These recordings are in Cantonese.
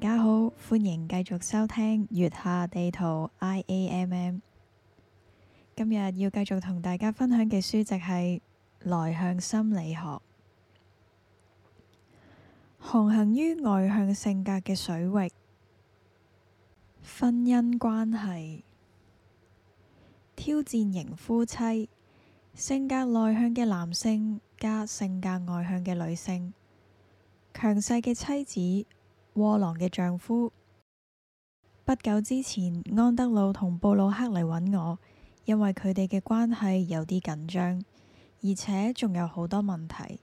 大家好，歡迎繼續收聽月下地圖 I A M M。今日要繼續同大家分享嘅書籍係《內向心理學》，航行於外向性格嘅水域，婚姻關係，挑戰型夫妻，性格內向嘅男性加性格外向嘅女性，強勢嘅妻子。窩囊嘅丈夫。不久之前，安德魯同布魯克嚟搵我，因為佢哋嘅關係有啲緊張，而且仲有好多問題。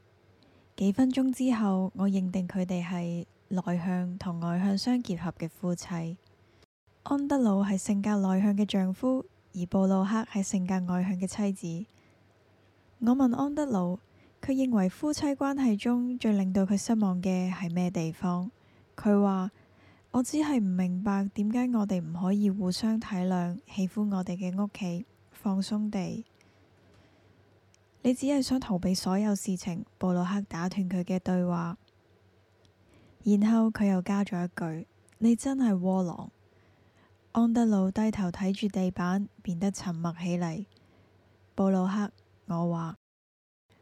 幾分鐘之後，我認定佢哋係內向同外向相結合嘅夫妻。安德魯係性格內向嘅丈夫，而布魯克係性格外向嘅妻子。我問安德魯，佢認為夫妻關係中最令到佢失望嘅，係咩地方？佢話：我只係唔明白點解我哋唔可以互相體諒，喜歡我哋嘅屋企，放鬆地。你只係想逃避所有事情。布魯克打斷佢嘅對話，然後佢又加咗一句：你真係窩囊。安德魯低頭睇住地板，變得沉默起嚟。布魯克，我話：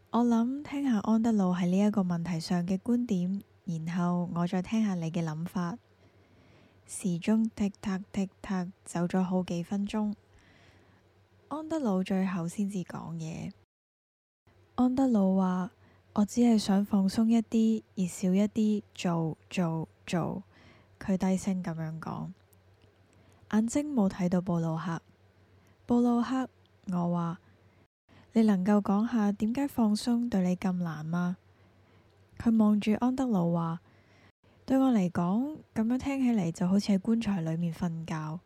我諗聽下安德魯喺呢一個問題上嘅觀點。然後我再聽下你嘅諗法。時鐘踢 i 踢 k 走咗好幾分鐘。安德魯最後先至講嘢。安德魯話：我只係想放鬆一啲，而少一啲做做做。佢低聲咁樣講，眼睛冇睇到布魯克。布魯克，我話你能夠講下點解放鬆對你咁難嗎？佢望住安德魯話：「對我嚟講，咁樣聽起嚟就好似喺棺材裏面瞓覺。」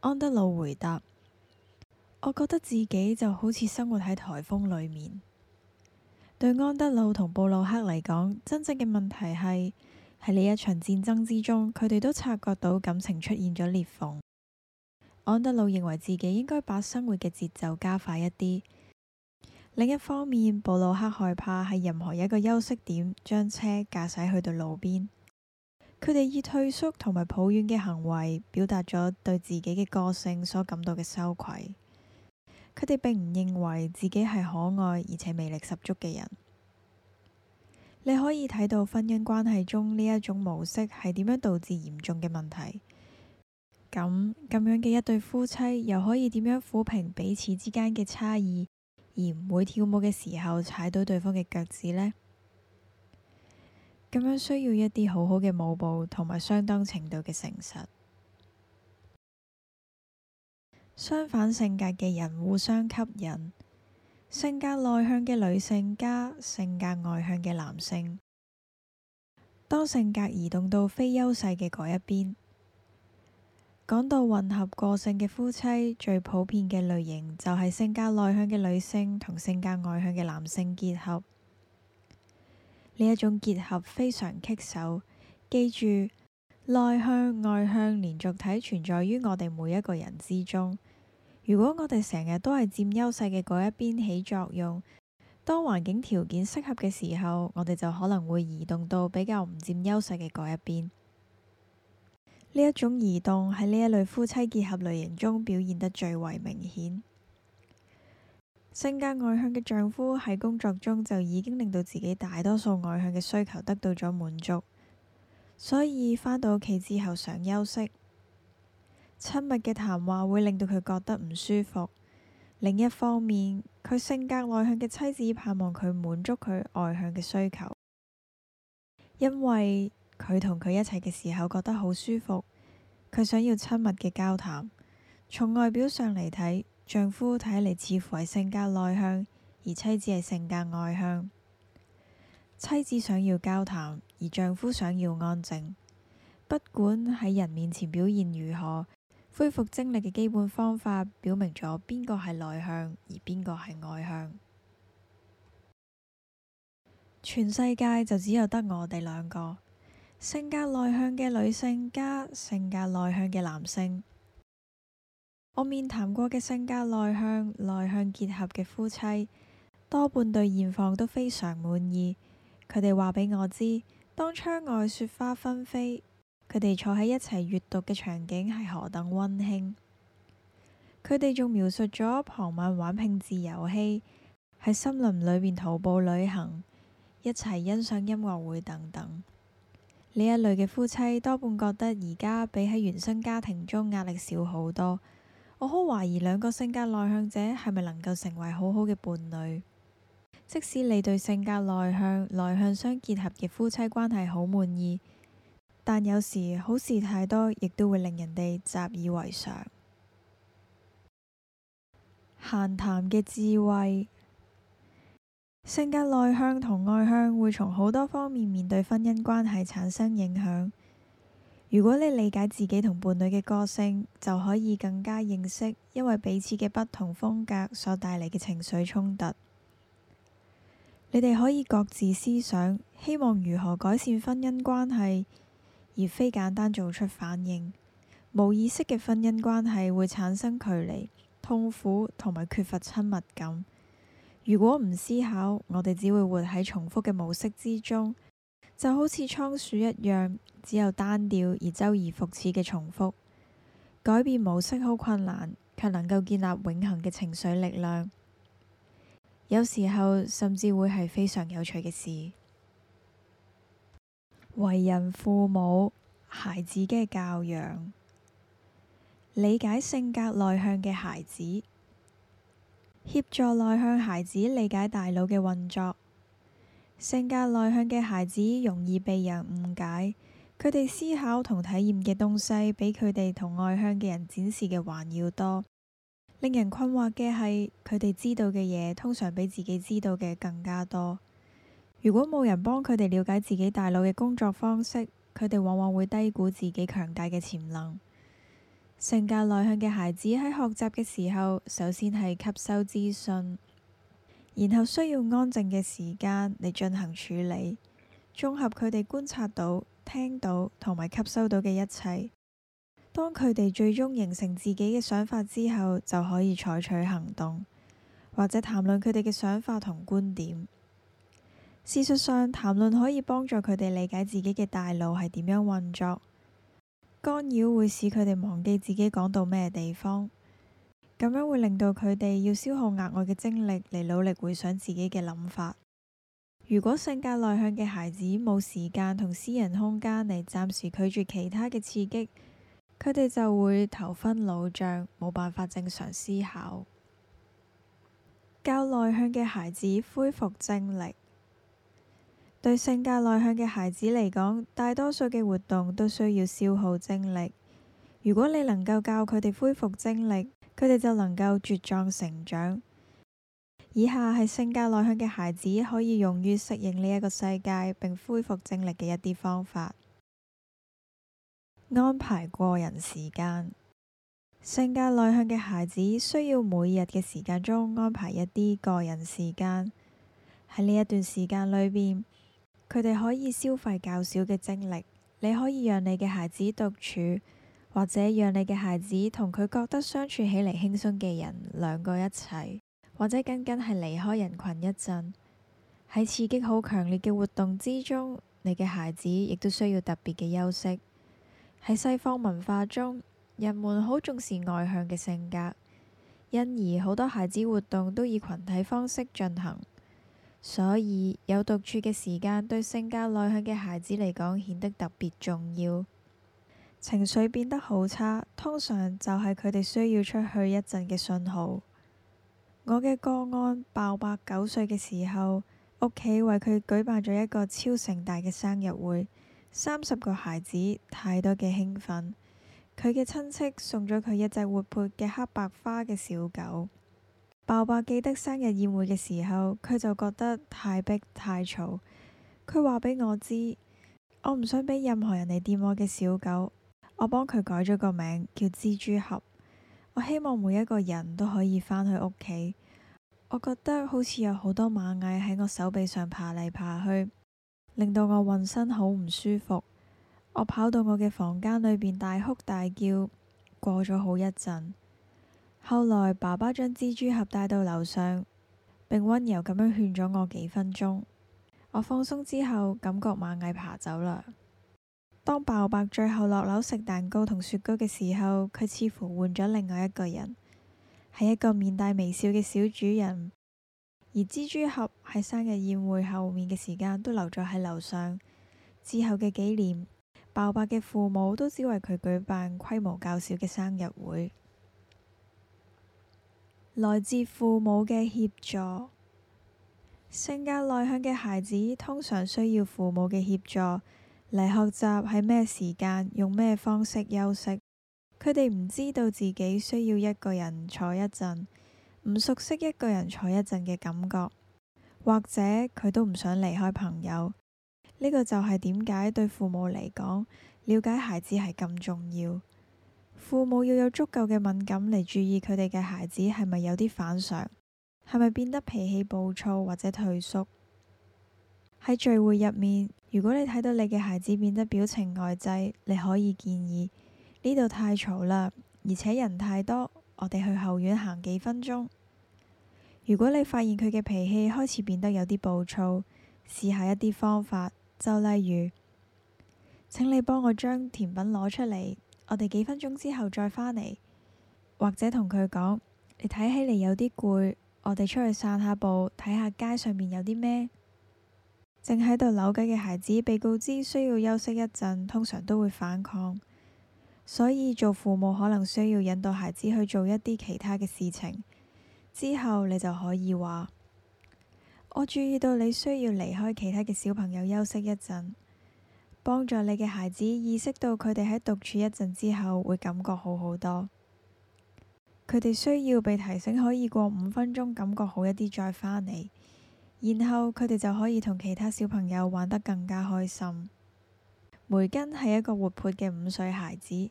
安德魯回答：「我覺得自己就好似生活喺台風裏面。」對安德魯同布魯克嚟講，真正嘅問題係喺呢一場戰爭之中，佢哋都察覺到感情出現咗裂縫。安德魯認為自己應該把生活嘅節奏加快一啲。另一方面，布魯克害怕喺任何一個休息點將車駕駛去到路邊。佢哋以退縮同埋抱怨嘅行為表達咗對自己嘅個性所感到嘅羞愧。佢哋並唔認為自己係可愛而且魅力十足嘅人。你可以睇到婚姻關係中呢一種模式係點樣導致嚴重嘅問題。咁咁樣嘅一對夫妻又可以點樣撫平彼此之間嘅差異？而唔會跳舞嘅時候踩到對方嘅腳趾呢？咁樣需要一啲好好嘅舞步同埋相當程度嘅誠實。相反性格嘅人互相吸引，性格內向嘅女性加性格外向嘅男性，當性格移動到非優勢嘅嗰一邊。講到混合個性嘅夫妻，最普遍嘅類型就係性格內向嘅女性同性格外向嘅男性結合。呢一種結合非常棘手。記住，內向外向連續體存在於我哋每一個人之中。如果我哋成日都係佔優勢嘅嗰一邊起作用，當環境條件適合嘅時候，我哋就可能會移動到比較唔佔優勢嘅嗰一邊。呢一種移動喺呢一類夫妻結合類型中表現得最為明顯。性格外向嘅丈夫喺工作中就已經令到自己大多數外向嘅需求得到咗滿足，所以返到屋企之後想休息。親密嘅談話會令到佢覺得唔舒服。另一方面，佢性格內向嘅妻子盼望佢滿足佢外向嘅需求，因為佢同佢一齊嘅時候覺得好舒服，佢想要親密嘅交談。從外表上嚟睇，丈夫睇嚟似乎係性格內向，而妻子係性格外向。妻子想要交談，而丈夫想要安靜。不管喺人面前表現如何，恢復精力嘅基本方法表明咗邊個係內向，而邊個係外向。全世界就只有得我哋兩個。性格內向嘅女性加性格內向嘅男性，我面談過嘅性格內向、內向結合嘅夫妻，多半對現況都非常滿意。佢哋話畀我知，當窗外雪花紛飛，佢哋坐喺一齊閱讀嘅場景係何等溫馨。佢哋仲描述咗傍晚玩拼字遊戲，喺森林裏面徒步旅行，一齊欣賞音樂會等等。呢一類嘅夫妻多半覺得而家比喺原生家庭中壓力少好多。我好懷疑兩個性格內向者係咪能夠成為好好嘅伴侶。即使你對性格內向、內向相結合嘅夫妻關係好滿意，但有時好事太多，亦都會令人哋習以為常。閒談嘅智慧。性格內向同外向會從好多方面面對婚姻關係產生影響。如果你理解自己同伴侶嘅個性，就可以更加認識因為彼此嘅不同風格所帶嚟嘅情緒衝突。你哋可以各自思想，希望如何改善婚姻關係，而非簡單做出反應。無意識嘅婚姻關係會產生距離、痛苦同埋缺乏親密感。如果唔思考，我哋只會活喺重複嘅模式之中，就好似倉鼠一樣，只有單調而周而復始嘅重複。改變模式好困難，卻能夠建立永恒嘅情緒力量。有時候，甚至會係非常有趣嘅事。為人父母，孩子嘅教養，理解性格內向嘅孩子。協助內向孩子理解大腦嘅運作。性格內向嘅孩子容易被人誤解，佢哋思考同體驗嘅東西比佢哋同外向嘅人展示嘅還要多。令人困惑嘅係，佢哋知道嘅嘢通常比自己知道嘅更加多。如果冇人幫佢哋了解自己大腦嘅工作方式，佢哋往往會低估自己強大嘅潛能。性格內向嘅孩子喺學習嘅時候，首先係吸收資訊，然後需要安靜嘅時間嚟進行處理，綜合佢哋觀察到、聽到同埋吸收到嘅一切。當佢哋最終形成自己嘅想法之後，就可以採取行動，或者談論佢哋嘅想法同觀點。事實上，談論可以幫助佢哋理解自己嘅大腦係點樣運作。干擾會使佢哋忘記自己講到咩地方，咁樣會令到佢哋要消耗額外嘅精力嚟努力回想自己嘅諗法。如果性格內向嘅孩子冇時間同私人空間嚟暫時拒絕其他嘅刺激，佢哋就會頭昏腦脹，冇辦法正常思考。教內向嘅孩子恢復精力。對性格內向嘅孩子嚟講，大多數嘅活動都需要消耗精力。如果你能夠教佢哋恢復精力，佢哋就能夠茁壯成長。以下係性格內向嘅孩子可以用於適應呢一個世界並恢復精力嘅一啲方法：安排個人時間。性格內向嘅孩子需要每日嘅時間中安排一啲個人時間，喺呢一段時間裏邊。佢哋可以消費較少嘅精力。你可以讓你嘅孩子獨處，或者讓你嘅孩子同佢覺得相處起嚟輕鬆嘅人兩個一齊，或者僅僅係離開人群一陣。喺刺激好強烈嘅活動之中，你嘅孩子亦都需要特別嘅休息。喺西方文化中，人們好重視外向嘅性格，因而好多孩子活動都以群體方式進行。所以有獨處嘅時間，對性格內向嘅孩子嚟講，顯得特別重要。情緒變得好差，通常就係佢哋需要出去一陣嘅信號。我嘅個案，爆百九歲嘅時候，屋企為佢舉辦咗一個超盛大嘅生日會，三十個孩子，太多嘅興奮。佢嘅親戚送咗佢一隻活潑嘅黑白花嘅小狗。爸爸記得生日宴會嘅時候，佢就覺得太逼太嘈。佢話畀我知，我唔想俾任何人嚟掂我嘅小狗。我幫佢改咗個名叫蜘蛛俠。我希望每一個人都可以返去屋企。我覺得好似有好多螞蟻喺我手臂上爬嚟爬去，令到我渾身好唔舒服。我跑到我嘅房間裏邊大哭大叫，過咗好一陣。後來爸爸將蜘蛛俠帶到樓上，並溫柔咁樣勸咗我幾分鐘。我放鬆之後，感覺螞蟻爬走啦。當爆伯最後落樓食蛋糕同雪糕嘅時候，佢似乎換咗另外一個人，係一個面帶微笑嘅小主人。而蜘蛛俠喺生日宴會後面嘅時間都留咗喺樓上。之後嘅幾年，爆伯嘅父母都只為佢舉辦規模較小嘅生日會。來自父母嘅協助，性格內向嘅孩子通常需要父母嘅協助嚟學習喺咩時間、用咩方式休息。佢哋唔知道自己需要一個人坐一陣，唔熟悉一個人坐一陣嘅感覺，或者佢都唔想離開朋友。呢個就係點解對父母嚟講，了解孩子係咁重要。父母要有足夠嘅敏感嚟注意佢哋嘅孩子係咪有啲反常，係咪變得脾氣暴躁或者退縮。喺聚會入面，如果你睇到你嘅孩子變得表情呆滯，你可以建議，呢度太嘈啦，而且人太多，我哋去後院行幾分鐘。如果你發現佢嘅脾氣開始變得有啲暴躁，試下一啲方法，就例如，請你幫我將甜品攞出嚟。我哋幾分鐘之後再返嚟，或者同佢講，你睇起嚟有啲攰，我哋出去散下步，睇下街上面有啲咩。正喺度扭計嘅孩子被告知需要休息一陣，通常都會反抗，所以做父母可能需要引導孩子去做一啲其他嘅事情。之後你就可以話，我注意到你需要離開其他嘅小朋友休息一陣。幫助你嘅孩子意識到佢哋喺獨處一陣之後會感覺好好多。佢哋需要被提醒可以過五分鐘感覺好一啲再返嚟，然後佢哋就可以同其他小朋友玩得更加開心。梅根係一個活潑嘅五歲孩子，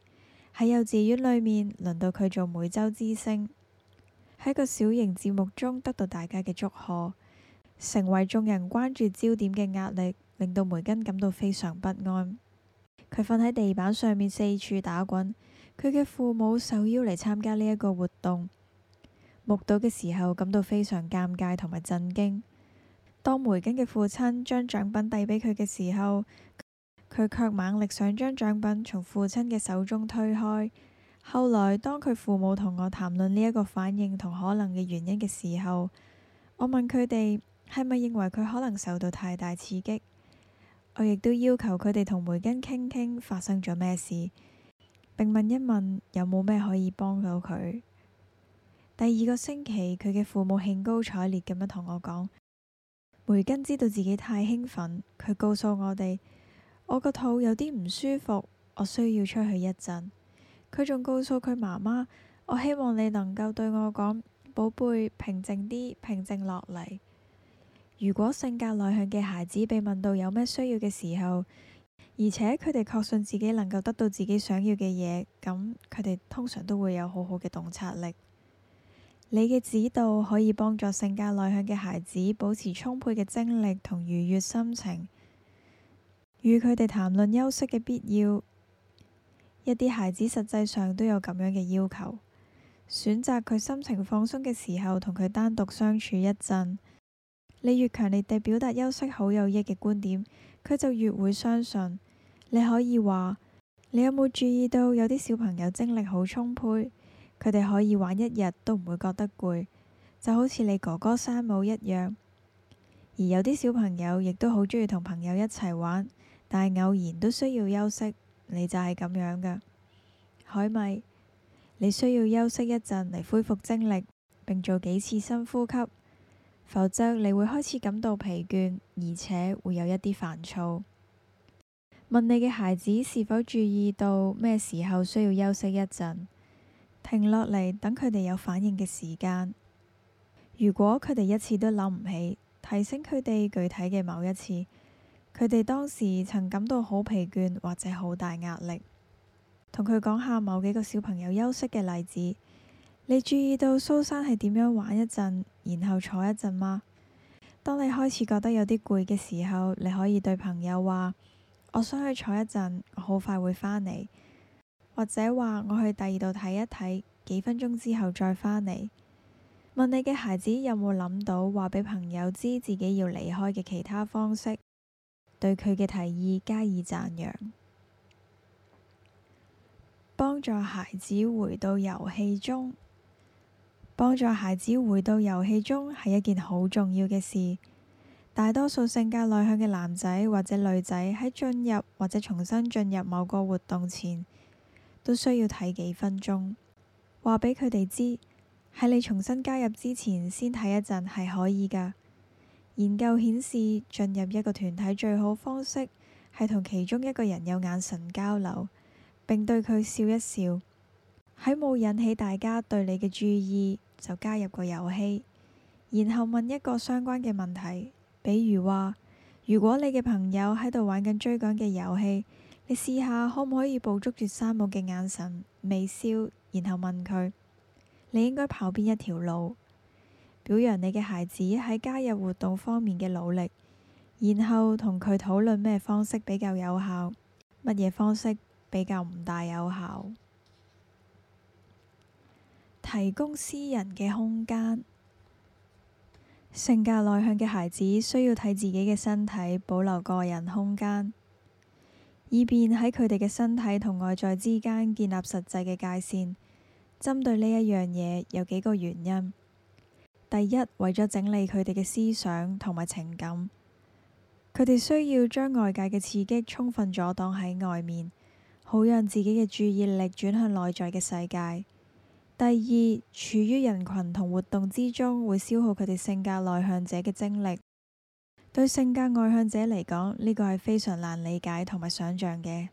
喺幼稚園裏面輪到佢做每周之星，喺個小型節目中得到大家嘅祝賀，成為眾人關注焦點嘅壓力，令到梅根感到非常不安，佢瞓喺地板上面四處打滾。佢嘅父母受邀嚟參加呢一個活動，目睹嘅時候感到非常尷尬同埋震驚。當梅根嘅父親將獎品遞俾佢嘅時候，佢卻猛力想將獎品從父親嘅手中推開。後來，當佢父母同我談論呢一個反應同可能嘅原因嘅時候，我問佢哋係咪認為佢可能受到太大刺激。我亦都要求佢哋同梅根傾傾發生咗咩事，並問一問有冇咩可以幫到佢。第二個星期，佢嘅父母興高采烈咁樣同我講，梅根知道自己太興奮，佢告訴我哋，我個肚有啲唔舒服，我需要出去一陣。佢仲告訴佢媽媽，我希望你能夠對我講，寶貝，平靜啲，平靜落嚟。如果性格內向嘅孩子被問到有咩需要嘅時候，而且佢哋確信自己能夠得到自己想要嘅嘢，咁佢哋通常都會有好好嘅洞察力。你嘅指導可以幫助性格內向嘅孩子保持充沛嘅精力同愉悅心情，與佢哋談論休息嘅必要，一啲孩子實際上都有咁樣嘅要求。選擇佢心情放鬆嘅時候，同佢單獨相處一陣。你越強烈地表達休息好有益嘅觀點，佢就越會相信。你可以話：你有冇注意到有啲小朋友精力好充沛，佢哋可以玩一日都唔會覺得攰，就好似你哥哥山姆一樣。而有啲小朋友亦都好鍾意同朋友一齊玩，但係偶然都需要休息。你就係咁樣㗎，海米，你需要休息一陣嚟恢復精力，並做幾次深呼吸。否則你會開始感到疲倦，而且會有一啲煩躁。問你嘅孩子是否注意到咩時候需要休息一陣，停落嚟等佢哋有反應嘅時間。如果佢哋一次都諗唔起，提醒佢哋具體嘅某一次，佢哋當時曾感到好疲倦或者好大壓力。同佢講下某幾個小朋友休息嘅例子。你注意到蘇珊係點樣玩一陣，然後坐一陣嗎？當你開始覺得有啲攰嘅時候，你可以對朋友話：我想去坐一陣，好快會返嚟。或者話我去第二度睇一睇，幾分鐘之後再返嚟。問你嘅孩子有冇諗到話俾朋友知自己要離開嘅其他方式？對佢嘅提議加以讚揚，幫助孩子回到遊戲中。幫助孩子回到遊戲中係一件好重要嘅事。大多數性格內向嘅男仔或者女仔喺進入或者重新進入某個活動前，都需要睇幾分鐘。話俾佢哋知，喺你重新加入之前先睇一陣係可以㗎。研究顯示，進入一個團體最好方式係同其中一個人有眼神交流，並對佢笑一笑。喺冇引起大家對你嘅注意。就加入個遊戲，然後問一個相關嘅問題，比如話：如果你嘅朋友喺度玩緊追趕嘅遊戲，你試下可唔可以捕捉住山姆嘅眼神、微笑，然後問佢：你應該跑邊一條路？表揚你嘅孩子喺加入活動方面嘅努力，然後同佢討論咩方式比較有效，乜嘢方式比較唔大有效。提供私人嘅空間，性格內向嘅孩子需要睇自己嘅身體，保留個人空間，以便喺佢哋嘅身體同外在之間建立實際嘅界線。針對呢一樣嘢，有幾個原因：第一，為咗整理佢哋嘅思想同埋情感，佢哋需要將外界嘅刺激充分阻擋喺外面，好讓自己嘅注意力轉向內在嘅世界。第二，處於人群同活動之中會消耗佢哋性格內向者嘅精力，對性格外向者嚟講，呢個係非常難理解同埋想象嘅。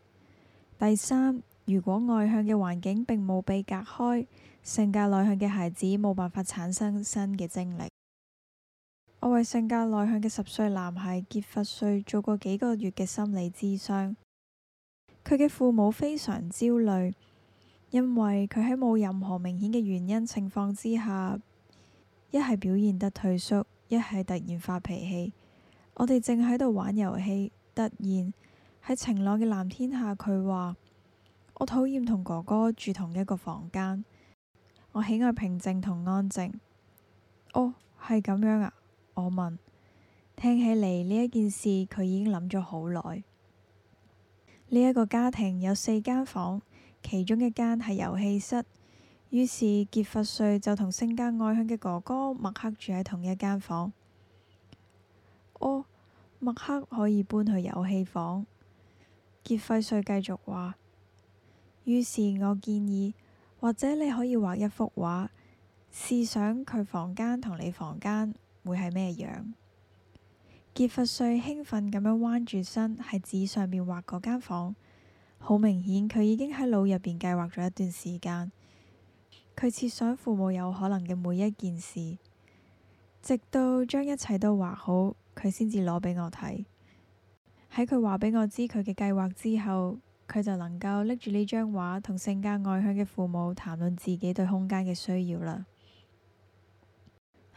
第三，如果外向嘅環境並冇被隔開，性格內向嘅孩子冇辦法產生新嘅精力。我為性格內向嘅十歲男孩傑佛瑞做過幾個月嘅心理諮商，佢嘅父母非常焦慮。因為佢喺冇任何明顯嘅原因情況之下，一係表現得退縮，一係突然發脾氣。我哋正喺度玩遊戲，突然喺晴朗嘅藍天下，佢話：我討厭同哥哥住同一個房間，我喜愛平靜同安靜。哦，係咁樣啊！我問，聽起嚟呢一件事佢已經諗咗好耐。呢一個家庭有四間房。其中一間係遊戲室，於是傑弗瑞就同性格外向嘅哥哥麥克住喺同一間房。哦，麥克可以搬去遊戲房。傑弗瑞繼續話。於是，我建議，或者你可以畫一幅畫，試想佢房間同你房間會係咩樣。傑弗瑞興奮咁樣彎住身喺紙上面畫嗰間房。好明顯，佢已經喺腦入邊計劃咗一段時間。佢設想父母有可能嘅每一件事，直到將一切都畫好，佢先至攞俾我睇。喺佢話俾我知佢嘅計劃之後，佢就能夠拎住呢張畫同性格外向嘅父母談論自己對空間嘅需要啦。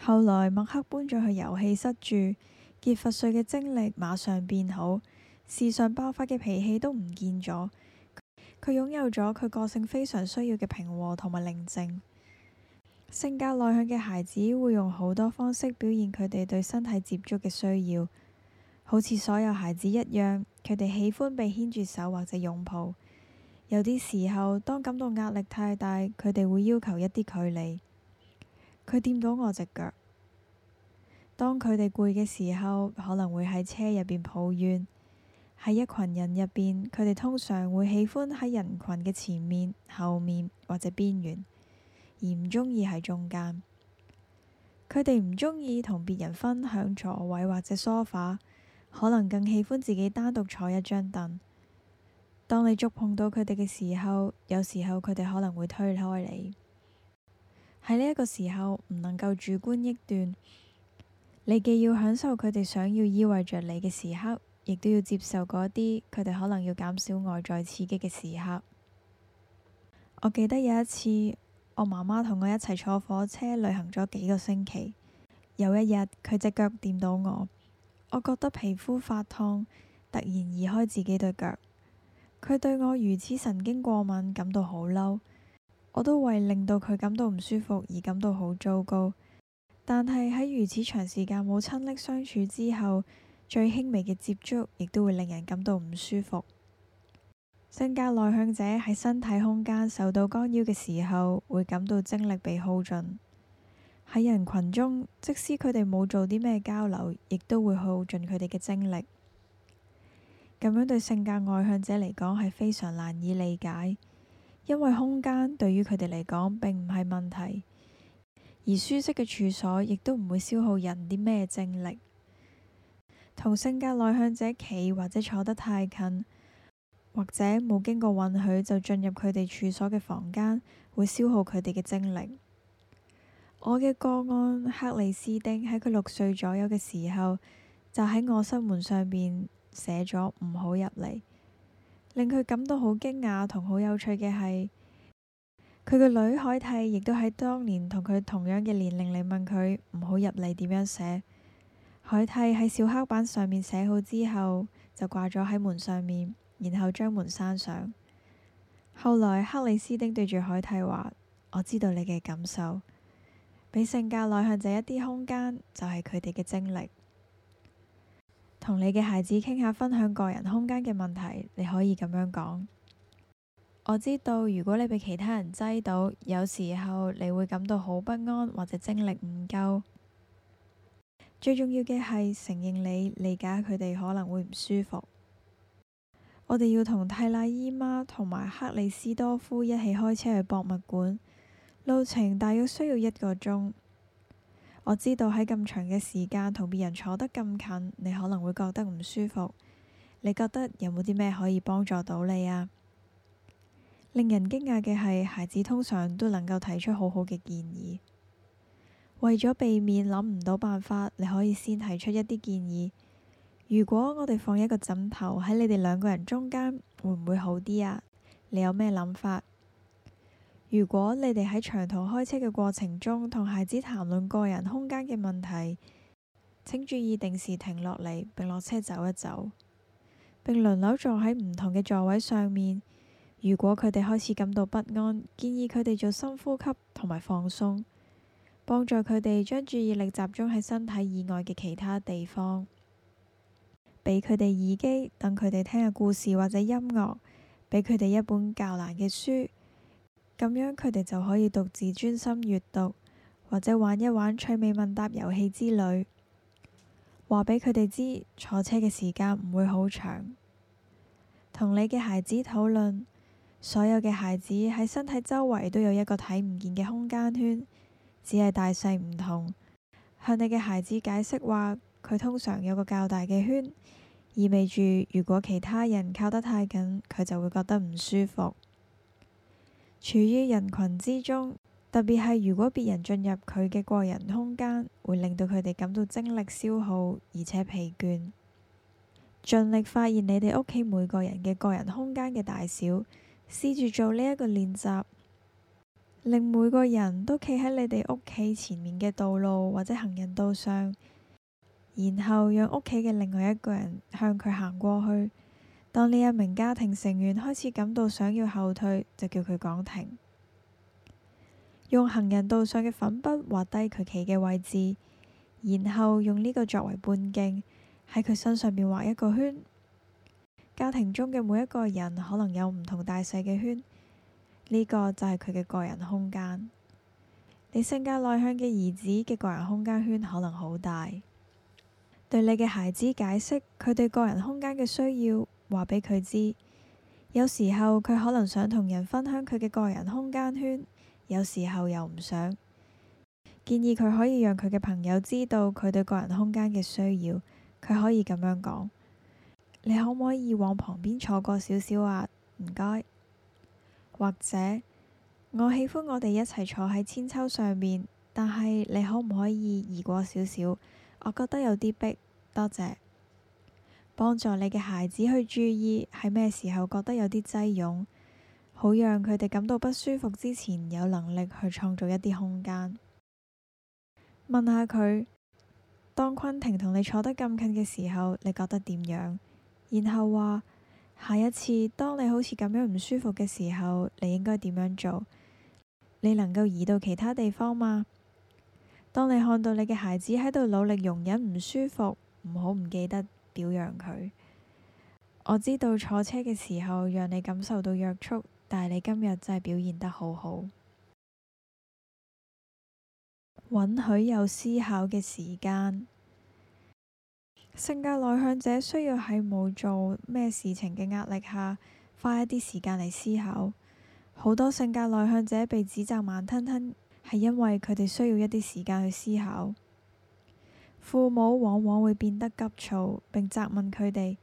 後來麥克搬咗去遊戲室住，傑弗瑞嘅精力馬上變好。事上爆發嘅脾氣都唔見咗，佢擁有咗佢個性非常需要嘅平和同埋寧靜。性格內向嘅孩子會用好多方式表現佢哋對身體接觸嘅需要，好似所有孩子一樣，佢哋喜歡被牽住手或者擁抱。有啲時候，當感到壓力太大，佢哋會要求一啲距離。佢掂到我隻腳。當佢哋攰嘅時候，可能會喺車入邊抱怨。喺一群人入邊，佢哋通常會喜歡喺人群嘅前面、後面或者邊緣，而唔鍾意喺中間。佢哋唔鍾意同別人分享座位或者梳化，可能更喜歡自己單獨坐一張凳。當你觸碰到佢哋嘅時候，有時候佢哋可能會推開你。喺呢一個時候，唔能夠主觀臆斷。你既要享受佢哋想要依偎着你嘅時刻。亦都要接受嗰啲佢哋可能要減少外在刺激嘅時刻。我記得有一次，我媽媽同我一齊坐火車旅行咗幾個星期。有一日，佢隻腳掂到我，我覺得皮膚發燙，突然移開自己對腳，佢對我如此神經過敏，感到好嬲。我都為令到佢感到唔舒服而感到好糟糕。但係喺如此長時間冇親昵相處之後。最輕微嘅接觸，亦都會令人感到唔舒服。性格內向者喺身體空間受到干擾嘅時候，會感到精力被耗盡。喺人群中，即使佢哋冇做啲咩交流，亦都會耗盡佢哋嘅精力。咁樣對性格外向者嚟講係非常難以理解，因為空間對於佢哋嚟講並唔係問題，而舒適嘅處所亦都唔會消耗人啲咩精力。同性格內向者企或者坐得太近，或者冇經過允許就進入佢哋住所嘅房間，會消耗佢哋嘅精力。我嘅個案，克里斯汀喺佢六歲左右嘅時候，就喺臥室門上面寫咗唔好入嚟，令佢感到好驚訝同好有趣嘅係，佢嘅女海蒂亦都喺當年同佢同樣嘅年齡嚟問佢唔好入嚟點樣寫。海蒂喺小黑板上面寫好之後，就掛咗喺門上面，然後將門閂上。後來克里斯汀對住海蒂話：我知道你嘅感受，俾性格內向者一啲空間就係佢哋嘅精力。同你嘅孩子傾下分享個人空間嘅問題，你可以咁樣講：我知道如果你俾其他人擠到，有時候你會感到好不安或者精力唔夠。最重要嘅係承認你理解佢哋可能會唔舒服。 我哋要同泰拉姨媽同埋克里斯多夫一起開車去博物館，路程大約需要一個鐘。我知道喺咁長嘅時間同別人坐得咁近，你可能會覺得唔舒服。你覺得有冇啲咩可以幫助到你啊？令人驚訝嘅係，孩子通常都能夠提出好好嘅建議。為咗避免諗唔到辦法，你可以先提出一啲建議。如果我哋放一個枕頭喺你哋兩個人中間，會唔會好啲啊？你有咩諗法？如果你哋喺長途開車嘅過程中同孩子談論個人空間嘅問題，請注意定時停落嚟並落車走一走，並輪流坐喺唔同嘅座位上面。如果佢哋開始感到不安，建議佢哋做深呼吸同埋放鬆。幫助佢哋將注意力集中喺身體以外嘅其他地方，畀佢哋耳機，等佢哋聽下故事或者音樂，畀佢哋一本較難嘅書，咁樣佢哋就可以獨自專心閱讀，或者玩一玩趣味問答遊戲之類。話畀佢哋知，坐車嘅時間唔會好長。同你嘅孩子討論，所有嘅孩子喺身體周圍都有一個睇唔見嘅空間圈，只係大細唔同。向你嘅孩子解釋話，佢通常有個較大嘅圈，意味住如果其他人靠得太緊，佢就會覺得唔舒服。處於人群之中，特別係如果別人進入佢嘅個人空間，會令到佢哋感到精力消耗而且疲倦。盡力發現你哋屋企每個人嘅個人空間嘅大小，試住做呢一個練習。令每個人都企喺你哋屋企前面嘅道路或者行人道上，然後讓屋企嘅另外一個人向佢行過去。當呢一名家庭成員開始感到想要後退，就叫佢講停。用行人道上嘅粉筆畫低佢企嘅位置，然後用呢個作為半徑，喺佢身上面畫一個圈。家庭中嘅每一個人可能有唔同大細嘅圈。呢個就係佢嘅個人空間。你性格內向嘅兒子嘅個人空間圈可能好大。對你嘅孩子解釋佢對個人空間嘅需要，話畀佢知。有時候佢可能想同人分享佢嘅個人空間圈，有時候又唔想。建議佢可以讓佢嘅朋友知道佢對個人空間嘅需要。佢可以咁樣講：你可唔可以往旁邊坐過少少啊？唔該。或者，我喜歡我哋一齊坐喺千秋上面，但係你可唔可以移過少少？我覺得有啲逼。多謝。幫助你嘅孩子去注意喺咩時候覺得有啲擠擁，好讓佢哋感到不舒服之前，有能力去創造一啲空間。問下佢，當昆庭同你坐得咁近嘅時候，你覺得點樣？然後話。下一次，當你好似咁樣唔舒服嘅時候，你應該點樣做？你能夠移到其他地方嗎？當你看到你嘅孩子喺度努力容忍唔舒服，唔好唔記得表揚佢。我知道坐車嘅時候讓你感受到約束，但係你今日真係表現得好好。允許有思考嘅時間。性格內向者需要喺冇做咩事情嘅壓力下，花一啲時間嚟思考。好多性格內向者被指責慢吞吞，係因為佢哋需要一啲時間去思考。父母往往會變得急躁，並責問佢哋：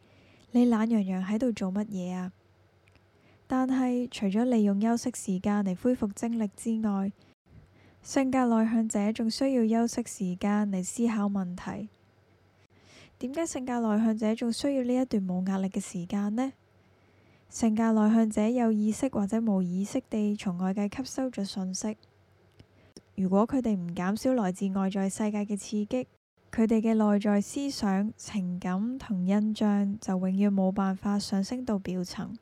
你懶洋洋喺度做乜嘢呀？但係除咗利用休息時間嚟恢復精力之外，性格內向者仲需要休息時間嚟思考問題。點解性格內向者仲需要呢一段冇壓力嘅時間呢？性格內向者有意識或者冇意識地從外界吸收咗信息。如果佢哋唔減少來自外在世界嘅刺激，佢哋嘅內在思想、情感同印象就永遠冇辦法上升到表層。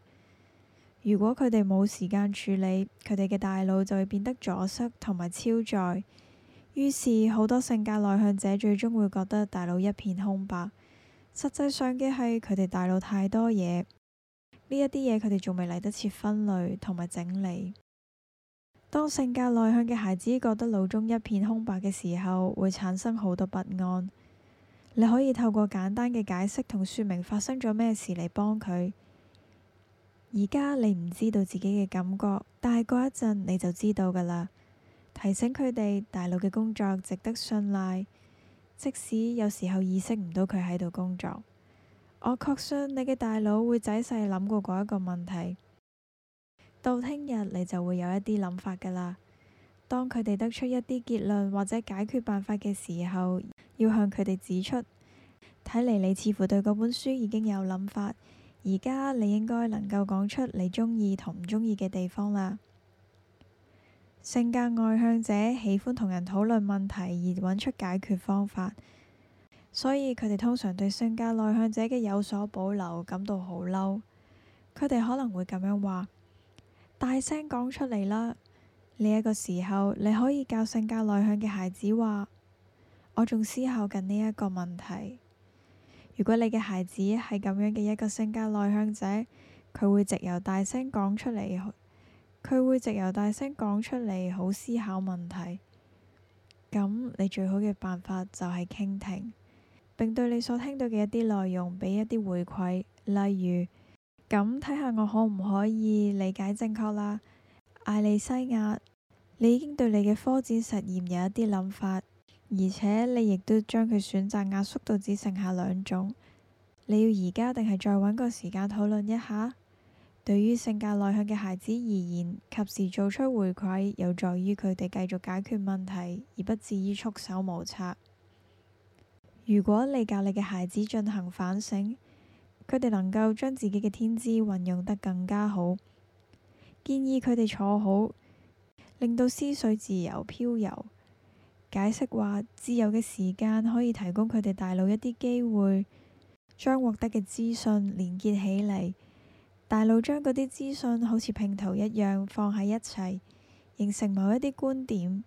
如果佢哋冇時間處理，佢哋嘅大腦就會變得阻塞同埋超載。於是好多性格內向者最終會覺得大腦一片空白。實際上嘅係佢哋大腦太多嘢，呢一啲嘢佢哋仲未嚟得切分類同埋整理。當性格內向嘅孩子覺得腦中一片空白嘅時候，會產生好多不安。你可以透過簡單嘅解釋同說明發生咗咩事嚟幫佢。而家你唔知道自己嘅感覺，但係過一陣你就知道㗎喇。提醒佢哋，大腦嘅工作值得信賴，即使有時候意識唔到佢喺度工作。我確信你嘅大腦會仔細諗過嗰一個問題，到聽日你就會有一啲諗法噶啦。當佢哋得出一啲結論或者解決辦法嘅時候，要向佢哋指出。睇嚟你似乎對嗰本書已經有諗法，而家你應該能夠講出你中意同唔中意嘅地方啦。性格外向者喜歡同人討論問題而揾出解決方法，所以佢哋通常對性格內向者嘅有所保留感到好嬲。佢哋可能會咁樣話：大聲講出嚟啦！呢一個時候，你可以教性格內向嘅孩子話：我仲思考緊呢一個問題。如果你嘅孩子係咁樣嘅一個性格內向者，佢會直由大聲講出嚟。佢會直由大聲講出嚟，好思考問題。咁你最好嘅辦法就係傾聽，並對你所聽到嘅一啲內容俾一啲回饋，例如咁睇下我可唔可以理解正確啦，艾利西亞，你已經對你嘅科展實驗有一啲諗法，而且你亦都將佢選擇壓縮到只剩下兩種。你要而家定係再搵個時間討論一下？對於性格內向嘅孩子而言，及時做出回饋，有助於佢哋繼續解決問題，而不至於束手無策。如果你教你嘅孩子進行反省，佢哋能夠將自己嘅天資運用得更加好。建議佢哋坐好，令到思緒自由飄遊。解釋話，自由嘅時間可以提供佢哋大腦一啲機會，將獲得嘅資訊連結起嚟。大腦將嗰啲資訊好似拼圖一樣放喺一齊，形成某一啲觀點。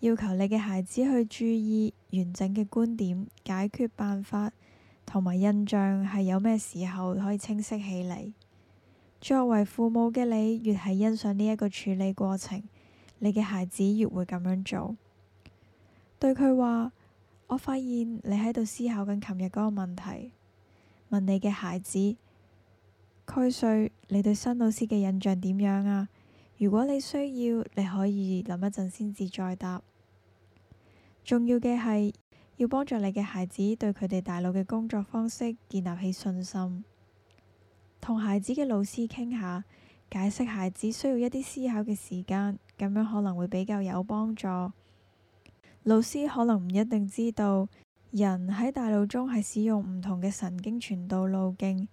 要求你嘅孩子去注意完整嘅觀點、解決辦法同埋印象係有咩時候可以清晰起嚟。作為父母嘅你，越係欣賞呢一個處理過程，你嘅孩子越會咁樣做。對佢話：我發現你喺度思考緊琴日嗰個問題，問你嘅孩子。區瑞，你對新老師嘅印象點樣啊？如果你需要，你可以諗一陣先至再答。重要嘅係要幫助你嘅孩子對佢哋大腦嘅工作方式建立起信心。同孩子嘅老師傾下，解釋孩子需要一啲思考嘅時間，咁樣可能會比較有幫助。老師可能唔一定知道，人喺大腦中係使用唔同嘅神經傳導路徑。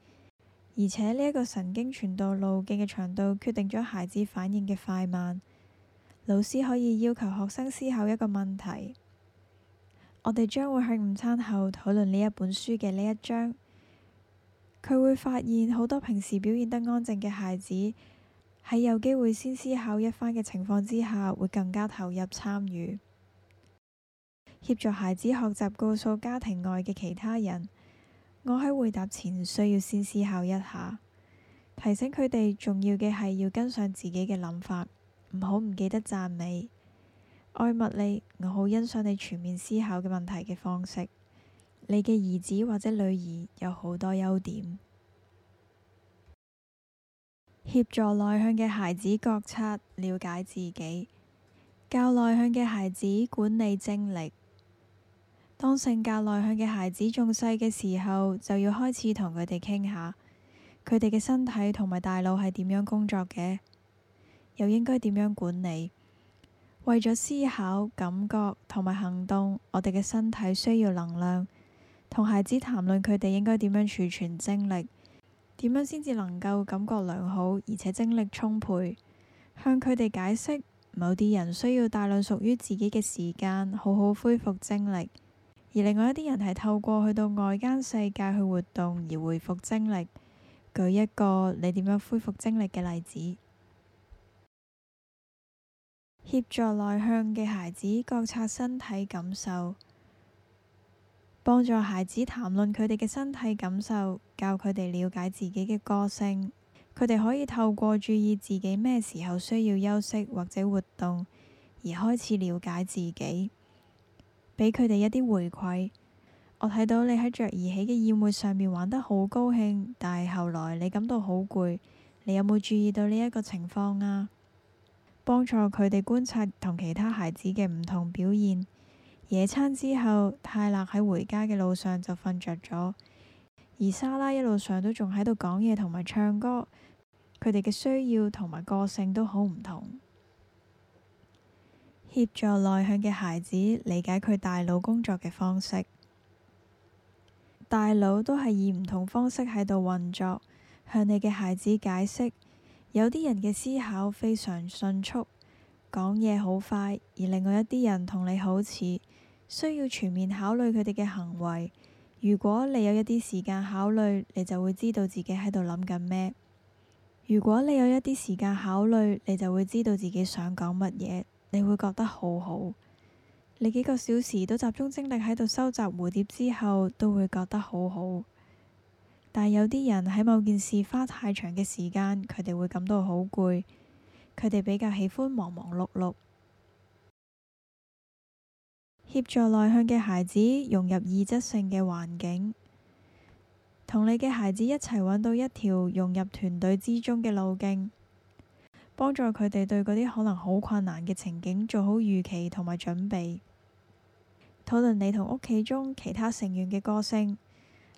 而且呢一個神經傳導路徑嘅長度，決定咗孩子反應嘅快慢。老師可以要求學生思考一個問題，我哋將會喺午餐後討論呢一本書嘅呢一章。佢會發現好多平時表現得安靜嘅孩子，喺有機會先思考一番嘅情況之下，會更加投入參與。協助孩子學習，告訴家庭外嘅其他人。我喺回答前需要先思考一下，提醒佢哋重要嘅係要跟上自己嘅諗法，唔好唔記得讚美。愛物理，我好欣賞你全面思考嘅問題嘅方式。你嘅兒子或者女兒有好多優點。協助內向嘅孩子覺察，了解自己，教內向嘅孩子管理精力。當性格內向嘅孩子仲細嘅時候，就要開始同佢哋傾下，佢哋嘅身體同埋大腦係點樣工作嘅，又應該點樣管理。為咗思考、感覺同埋行動，我哋嘅身體需要能量。同孩子談論佢哋應該點樣儲存精力，點樣先至能夠感覺良好而且精力充沛。向佢哋解釋，某啲人需要大量屬於自己嘅時間，好好恢復精力。而另外一啲人係透過去到外間世界去活動，而回復精力。舉一個你點樣恢復精力嘅例子：協助內向嘅孩子覺察身體感受，幫助孩子談論佢哋嘅身體感受，教佢哋了解自己嘅個性。佢哋可以透過注意自己咩時候需要休息或者活動，而開始了解自己。俾佢哋一啲回饋，我睇到你喺着而起嘅宴會上面玩得好高興，但係後來你感到好攰，你有冇注意到呢一個情況啊？幫助佢哋觀察同其他孩子嘅唔同表現。野餐之後，泰勒喺回家嘅路上就瞓着咗，而莎拉一路上都仲喺度講嘢同埋唱歌。佢哋嘅需要同埋個性都好唔同。協助內向嘅孩子理解佢大腦工作嘅方式。大腦都係以唔同方式喺度運作。向你嘅孩子解釋，有啲人嘅思考非常迅速，講嘢好快；而另外一啲人同你好似，需要全面考慮佢哋嘅行為。如果你有一啲時間考慮，你就會知道自己喺度諗緊咩。如果你有一啲時間考慮，你就會知道自己想講乜嘢。你會覺得好好，你幾個小時都集中精力喺度收集蝴蝶之後，都會覺得好好。但有啲人喺某件事花太長嘅時間，佢哋會感到好攰，佢哋比較喜歡忙忙碌碌。協助內向嘅孩子融入異質性嘅環境，同你嘅孩子一齊揾到一條融入團隊之中嘅路徑。幫助佢哋對嗰啲可能好困難嘅情景做好預期同埋準備。討論你同屋企中其他成員嘅個性，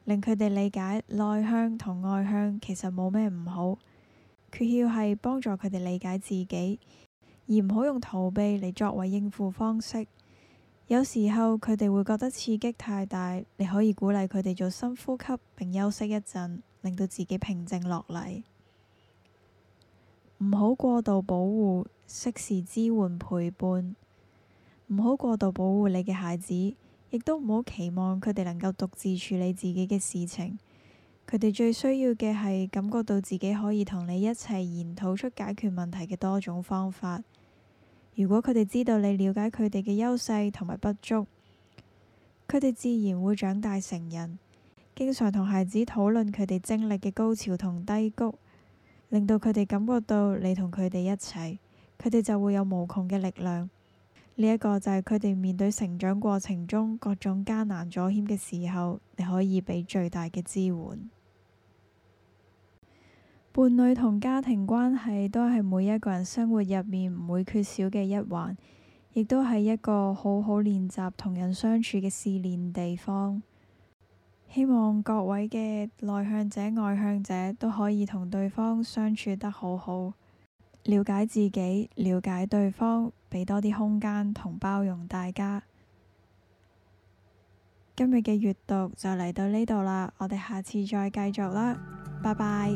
令佢哋理解內向同外向其實冇咩唔好。訣竅係幫助佢哋理解自己，而唔好用逃避嚟作為應付方式。有時候佢哋會覺得刺激太大，你可以鼓勵佢哋做深呼吸並休息一陣，令到自己平靜落嚟。唔好過度保護，適時支援陪伴。唔好過度保護你嘅孩子，亦都唔好期望佢哋能夠獨自處理自己嘅事情。佢哋最需要嘅係感覺到自己可以同你一齊研討出解決問題嘅多種方法。如果佢哋知道你了解佢哋嘅優勢同埋不足，佢哋自然會長大成人。經常同孩子討論佢哋精力嘅高潮同低谷。令到佢哋感覺到你同佢哋一齊，佢哋就會有無窮嘅力量。呢一個就係佢哋面對成長過程中各種艱難阻險嘅時候，你可以俾最大嘅支援。伴侶同家庭關係都係每一個人生活入面唔會缺少嘅一環，亦都係一個好好練習同人相處嘅試煉地方。希望各位嘅內向者、外向者都可以同對方相處得好好，了解自己、了解對方，俾多啲空間同包容大家。今日嘅閱讀就嚟到呢度啦，我哋下次再繼續啦，拜拜。